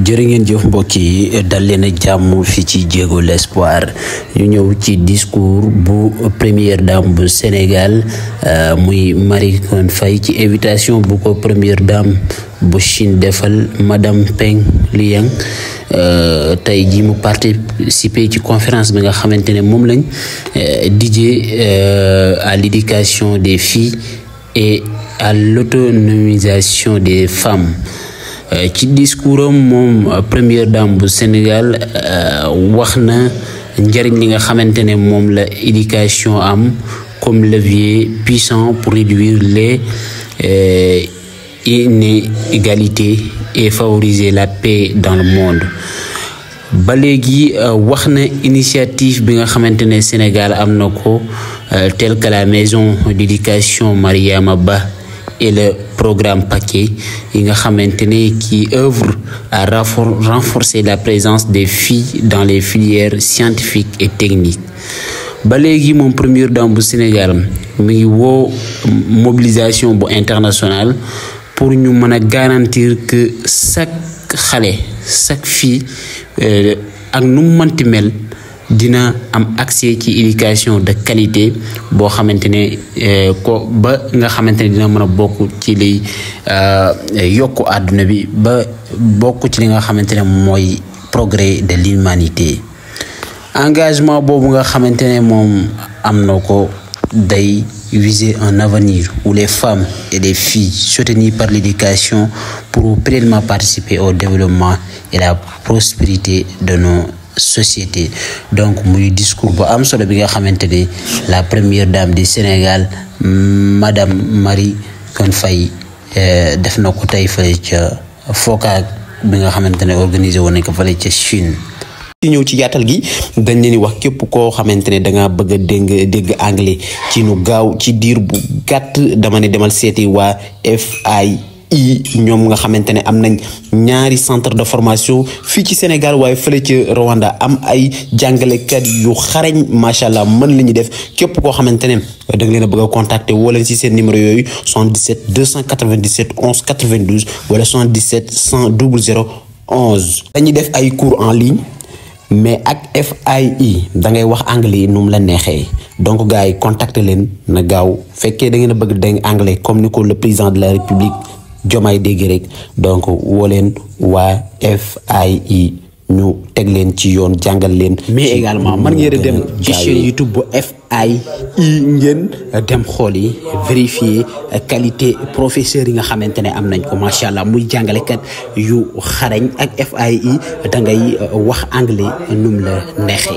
jërë jëf mbokk yi dal leen ak jàmm fii ci Jéego l'Espoir ñu ñëw ci discours bu première dame bu Sénégal euh, muy Marie Coll Faye ci invitation bu ko première dame bu Chine defal madame Peng Liyang euh, tey ji mu participer ci conférence bi nga xamante ne moom lañ euh, à l'éducation des filles et à l'autonomisation des femmes euh, ci discours am moom euh, première dame du Sénégal euh, wax na njëriñ li nga xamante la éducation am comme levier puissant pour réduire les inégalités et favoriser la paix dans le monde ba léegi wax na initiative bi nga xamante Sénégal am que la maison d'éducation Mariama Ba et le programme paquet yi qui œuvre à renforcer la présence des filles dans les filières scientifiques et techniques ba mon premier premier le Sénégal mu mobilisation internationale pour nous garantir que chaque chaque fille euh, ak une mu mënti dina am accès ci éducation de qualité bo xamante euh, ko ba nga xamante dina mëna a bokk ci liy euh, yokku aduna bi ba bokk ci li nga xamante moy progrès de l'humanité engagement bobu nga xamante mom moom am ko day viser un avenir où les femmes et les filles soutenues par l'éducation pourront pleinement participer au développement et la prospérité de nos société donc muy discours bu am solo bi nga xamante ni la première dame di Sénégal madame Marie Kon Faye euh, def na ko tey fële ca FOCAC bi nga xamante ne organisé woon nañ ko fële ca Chine. ci ñëw ci yaatal gi dañ leen di wax képp koo xamante ne danga bëgg dégg dégg anglais ci nu gaaw ci diir bu gàtt dama ne demal seeti waa ay yi ñom nga xamantene am nañ ñaari centre de formation fi ci Sénégal waaye fële ci Rwanda am ay kat yu xarañ macha allah mën li ñu def képp ko xamantene da nga leen bëgg contacter au leen seen numéro yoyu 77 297 11 92 wala 77 100 00 11. dañuy def ay cours en ligne mais ak FII da ngay wax anglais num la nexé donc gars contacter leen na gaaw féké da ngeen bëgg anglais comme ni ko le président de la république Jomaay dégg rek donc woo leen waa FIE ñu teg leen ci yoon jàngal leen. mais également man ngeen dem ci chaîne YouTube bu FIE ngeen dem xool yi vérifier qualité professeur yi nga xamante ne am nañ ko macha allah muy jàngalekat yu xarañ ak FIE da ngay euh, wax anglais num la neexee.